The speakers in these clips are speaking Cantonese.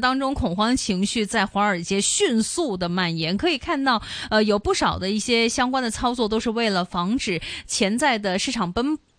當中恐慌情緒在華爾街迅速的蔓延，可以看到，呃，有不少的一些相關的操作都是為了防止潛在的市場崩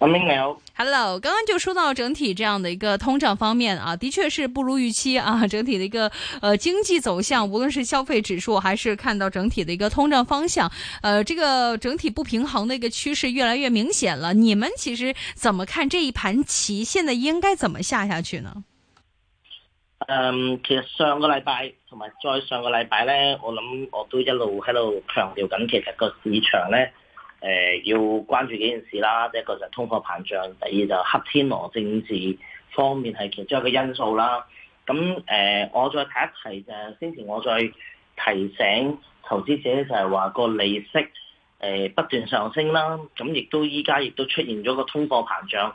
Hello，剛剛就說到整體這樣的一個通脹方面啊，的確是不如預期啊。整體的一個，呃，經濟走向，無論是消費指數，還是看到整體的一個通脹方向，呃，這個整體不平衡的一個趨勢越來越明顯了。你們其實怎麼看這一盤棋？現在應該怎麼下下去呢？嗯，um, 其實上個禮拜同埋再上個禮拜呢，我諗我都一路喺度強調緊，其實個市場呢。.誒、呃、要關注幾件事啦，第一個就係通貨膨脹，第二就係黑天鵝，政治方面係其中一個因素啦。咁誒、呃，我再提一提就係、先前我再提醒投資者就係話個利息、呃、不斷上升啦。咁亦都依家亦都出現咗個通貨膨脹，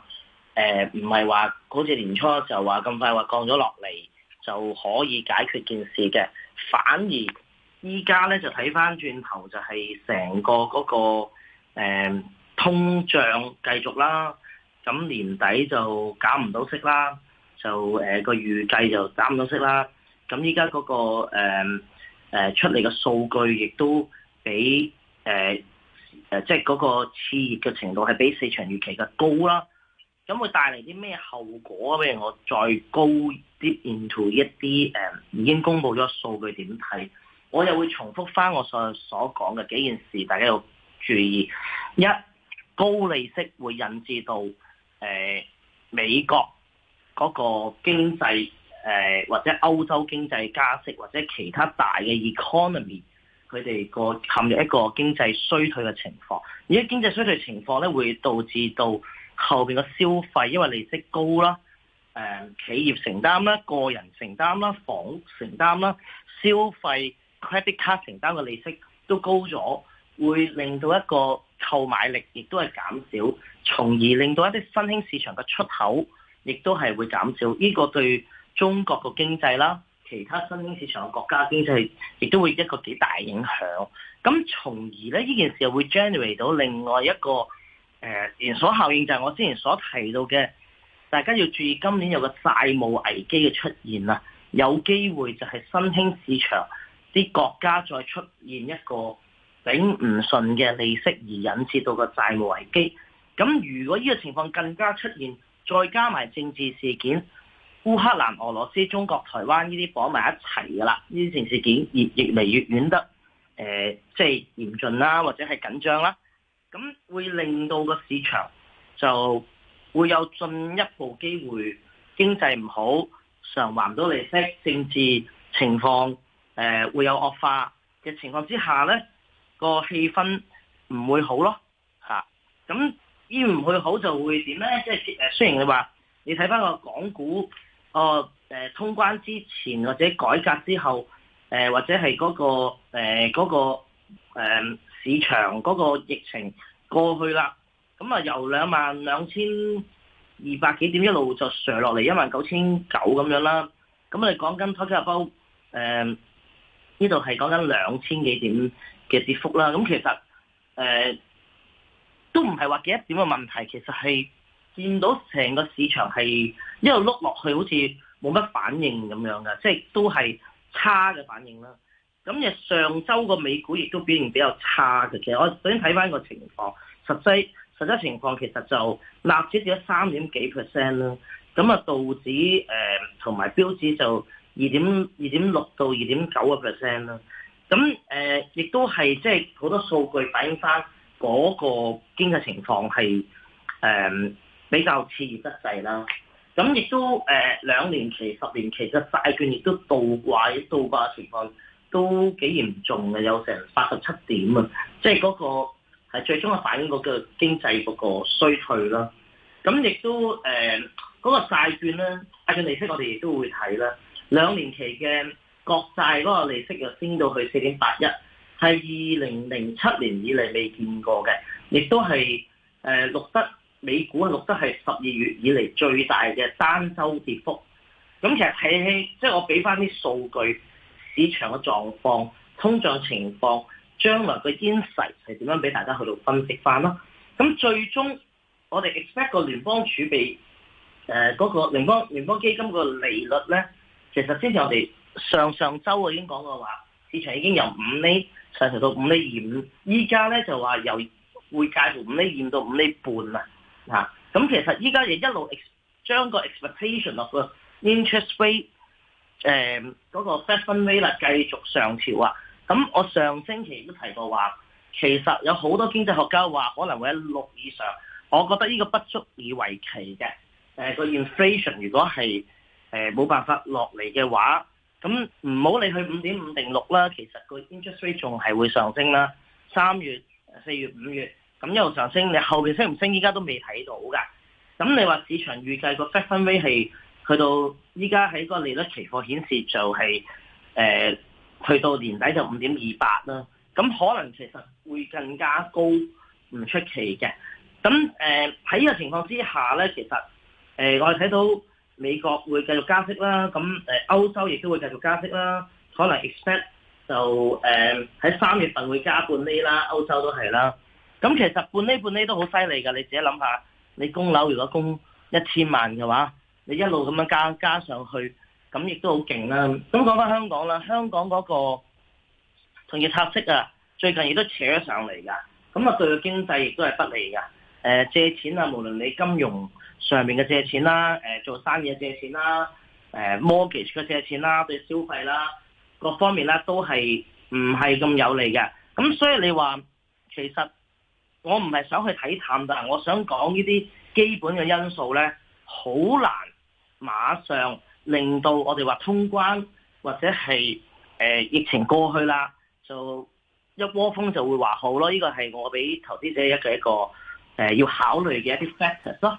誒唔係話好似年初嘅時候話咁快話降咗落嚟就可以解決件事嘅，反而依家咧就睇翻轉頭就係成個嗰、嗰個。誒，通脹繼續啦，咁年底就減唔到息啦，就誒個預計就減唔到息啦。咁依家嗰個誒誒、呃呃、出嚟嘅數據，亦都比誒誒即係嗰個熾熱嘅程度係比市場預期嘅高啦。咁會帶嚟啲咩後果？譬如我再 go deep into 一啲誒、呃、已經公布咗數據點睇，我又會重複翻我所所講嘅幾件事，大家要。注意一高利息會引致到、呃、美國嗰個經濟、呃、或者歐洲經濟加息，或者其他大嘅 economy 佢哋個陷入一個經濟衰退嘅情況。而家經濟衰退的情況咧，會導致到後面嘅消費，因為利息高啦、呃，企業承擔啦，個人承擔啦，房屋承擔啦，消費 credit card 承擔嘅利息都高咗。會令到一個購買力亦都係減少，從而令到一啲新興市場嘅出口亦都係會減少。呢個對中國嘅經濟啦，其他新興市場嘅國家的經濟亦都會一個幾大影響。咁從而咧，呢這件事又會 generate 到另外一個誒連鎖效應，就係我之前所提到嘅，大家要注意今年有個債務危機嘅出現啦，有機會就係新興市場啲國家再出現一個。頂唔順嘅利息而引致到個債務危機，咁如果呢個情況更加出現，再加埋政治事件，烏克蘭、俄羅斯、中國、台灣呢啲綁埋一齊噶啦，呢啲政治事件越來越嚟越遠得，誒、呃，即係嚴峻啦，或者係緊張啦，咁會令到個市場就會有進一步機會，經濟唔好，償還唔到利息，政治情況誒、呃、會有惡化嘅情況之下咧。個氣氛唔會好咯，吓咁，依唔會好就會點咧？即係誒，雖然你話你睇翻個港股誒通關之前或者改革之後，誒或者係嗰個誒個誒市場嗰個疫情過去啦，咁啊由兩萬兩千二百幾點一路就上落嚟一萬九千九咁樣啦，咁我哋講緊 talk about 誒。呢度係講緊兩千幾點嘅跌幅啦，咁其實誒、呃、都唔係話幾一點嘅問題，其實係見到成個市場係一路碌落去，好似冇乜反應咁樣嘅，即係都係差嘅反應啦。咁嘅上週個美股亦都表現比較差嘅，其實我首先睇返個情況，實際實際情況其實就納指跌咗三點幾 percent 啦，咁啊道指誒同埋標指就，二點二點六到二點九嘅 percent 啦，咁誒亦都係即係好多數據反映翻嗰個經濟情況係誒、呃、比較遲滯啦。咁亦都誒、呃、兩年期、十年期嘅債券亦都倒掛，倒掛情況都幾嚴重嘅，有成八十七點啊！即係嗰個係最終嘅反映嗰個經濟嗰個衰退啦。咁亦都誒嗰、呃那個債券咧，債券利息我哋亦都會睇啦。兩年期嘅國債嗰個利息又升到去四點八一，係二零零七年以嚟未見過嘅，亦都係誒、呃、錄得美股啊錄得係十二月以嚟最大嘅單周跌幅。咁其實睇起即係我俾翻啲數據、市場嘅狀況、通脹情況、將來嘅經濟係點樣，俾大家去到分析翻啦。咁最終我哋 expect 個聯邦儲備誒嗰、呃那個聯邦聯邦基金個利率咧。其實之前我哋上上週已經講過話，市場已經由五厘上調到五厘二五，依家咧就話由會介乎五厘二到五厘半啦。嚇、啊，咁其實依家亦一路 ex, 將個 expectation 落個 interest rate，誒、呃、嗰、那個 fashion rate 繼續上調啊。咁我上星期都提過話，其實有好多經濟學家話可能會喺六以上，我覺得呢個不足以為奇嘅。誒、呃那個 inflation 如果係誒，冇辦法落嚟嘅話，咁唔好理佢五點五定六啦，其實個 interest rate 仲係會上升啦。三月、四月、五月，咁一路上升，你後邊升唔升，依家都未睇到噶。咁你話市場預計個 Fed fund rate 係去到依家喺個利率期貨顯示就係、是、誒、呃，去到年底就五點二八啦。咁可能其實會更加高唔出奇嘅。咁誒喺呢個情況之下咧，其實誒、呃、我哋睇到。美國會繼續加息啦，咁歐洲亦都會繼續加息啦。可能 expect 就誒喺三月份會加半厘啦，歐洲都係啦。咁其實半厘半厘都好犀利㗎，你自己諗下，你供樓如果供一千萬嘅話，你一路咁樣加加上去，咁亦都好勁啦。咁講返香港啦，香港嗰個同業拆息啊，最近亦都扯咗上嚟㗎。咁啊，佢嘅經濟亦都係不利㗎。誒借錢啊，無論你金融上面嘅借錢啦，誒做生意嘅借錢啦，誒 mortgage 嘅借錢啦，對消費啦，各方面咧都係唔係咁有利嘅。咁所以你話其實我唔係想去睇淡㗎，但係我想講呢啲基本嘅因素咧，好難馬上令到我哋話通關或者係誒、呃、疫情過去啦，就一窩蜂就會話好咯。呢、呢個係我俾投資者一個一個。誒，呃，要考慮嘅一啲 factors 咯，哦。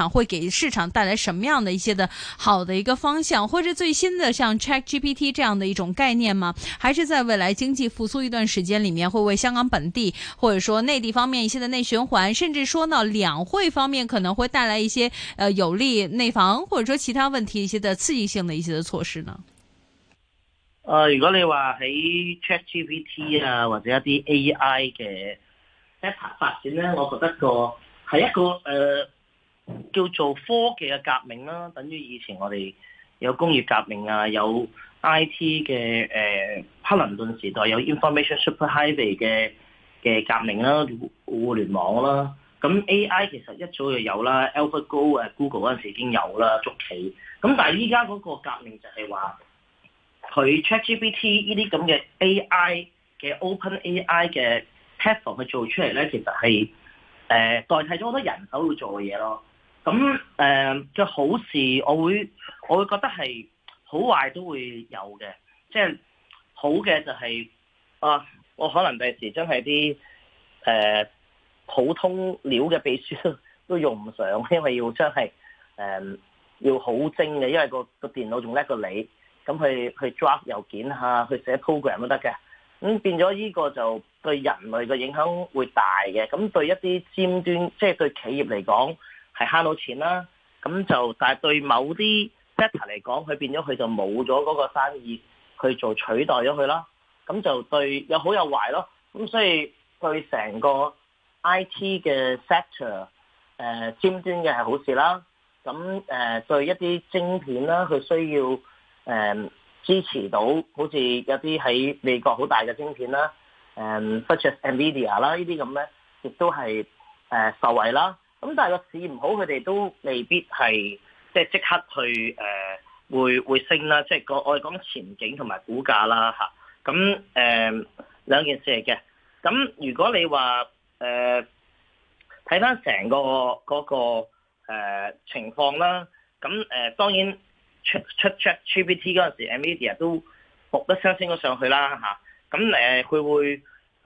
會給市場帶來什麼樣的一些的好的一個方向，或者最新的像 Chat GPT 這樣的一種概念嗎？還是在未來經濟復甦一段時間裏面，會為香港本地或者說內地方面一些的內循環，甚至說呢，兩會方面可能會帶來一些呃有利內房或者說其他問題一些的刺激性的一些的措施呢？呃，如果你話喺 Chat GPT 啊或者一啲 AI 嘅一發展呢，我覺得個係一個呃。叫做科技嘅革命啦，等於以前我哋有工業革命啊，有 I T 嘅誒克、呃、林頓時代有 information superhighway 嘅嘅革命啦，互聯網啦，咁 A I 其實一早就有啦，Alpha Go 誒 Google 嗰陣時已經有啦捉棋，咁但係依家嗰個革命就係話佢 Chat GPT 呢啲咁嘅 A I 嘅 Open A I 嘅 platform 佢做出嚟咧，其實係誒、呃、代替咗好多人手要做嘅嘢咯。咁誒嘅好事，我會，我會覺得係好壞都會有嘅，即係好嘅就係啊，我可能第時真係啲誒普通料嘅秘書都用唔上，因為要將係誒要好精嘅，因為個個電腦仲叻過你，咁去去 drop 郵件吓，去寫 program 都得嘅。咁變咗呢個就對人類嘅影響會大嘅。咁對一啲尖端，即係對企業嚟講。係慳到錢啦，咁就但係對某啲 sector 嚟講，佢變咗佢就冇咗嗰個生意去做取代咗佢啦，咁就對有好有壞咯。咁所以對成個 IT 嘅 sector，呃、尖端嘅係好事啦。咁誒對一啲晶片啦，佢需要誒、呃、支持到，好似有啲喺美國好大嘅晶片啦、呃、such as Nvidia 啦呢啲咁咧，亦都係、呃、受惠啦。咁但係個市唔好，佢哋都未必係即係即刻去誒、呃，會會升啦。即係個我哋講前景同埋股價啦，嚇、啊。咁誒兩件事嚟嘅。咁、啊、如果你話誒睇翻成個嗰、那個誒、啊、情況啦，咁、啊、誒當然出出出 CPI 嗰陣時 Media 都冇得相升咗上去啦，嚇、啊。咁誒佢會誒、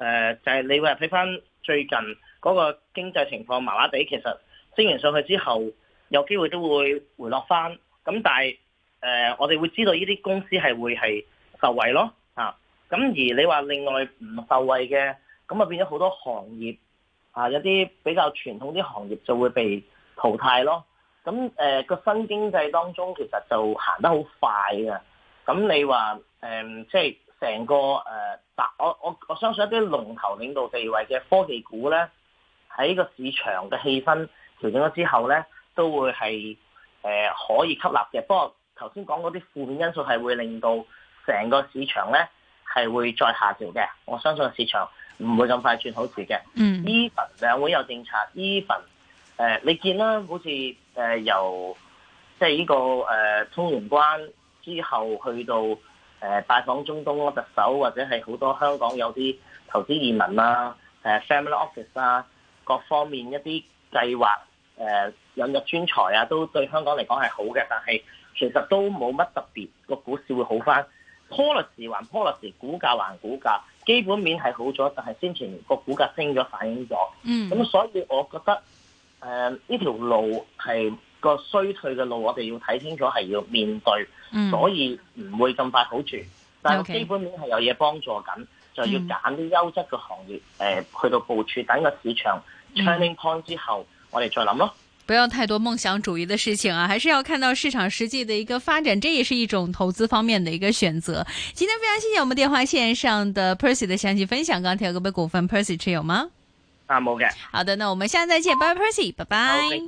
啊、就係、是、你話睇翻最近嗰個經濟情況麻麻地，其實升完上去之後有機會都會回落翻。咁但係、呃、我哋會知道呢啲公司係會係受惠咯，嚇、啊。咁而你話另外唔受惠嘅，咁啊變咗好多行業、啊、有啲比較傳統啲行業就會被淘汰咯。咁個、呃、新經濟當中其實就行得好快嘅。咁你話、呃、即係成個、呃、我我我相信一啲龍頭領導地位嘅科技股咧。喺呢個市場嘅氣氛調整咗之後咧，都會係誒、呃、可以吸納嘅。不過頭先講嗰啲負面因素係會令到成個市場咧係會再下調嘅。我相信市場唔會咁快轉好字嘅。嗯，even 兩會有政策，even 誒你見啦，好似誒、呃、由即係呢、這個誒、呃、通關之後去到誒、呃、拜訪中東咯，特首或者係好多香港有啲投資移民啦、啊，誒、呃、family office 啊。各方面一啲計劃，誒、呃、引入專才啊，都對香港嚟講係好嘅，但係其實都冇乜特別，個股市會好翻。Policy 還 policy，股價還股價，基本面係好咗，但係先前個股價升咗反映咗。嗯，咁所以我覺得誒呢、呃、條路係個衰退嘅路，我哋要睇清楚係要面對，嗯、所以唔會咁快好住。但係基本面係有嘢幫助緊。就要揀啲優質嘅行業，誒、嗯、去到部署等個市場、嗯、turning point 之後，我哋再諗咯。不要太多夢想主義嘅事情啊，還是要看到市場實際嘅一個發展，這也是一種投資方面嘅一個選擇。今天非常謝謝我們電話線上的 Percy 的詳細分享。剛才有個咩股份 Percy 持有嗎？啊冇嘅。的好的，那我們下次再見，拜拜 Percy 拜拜。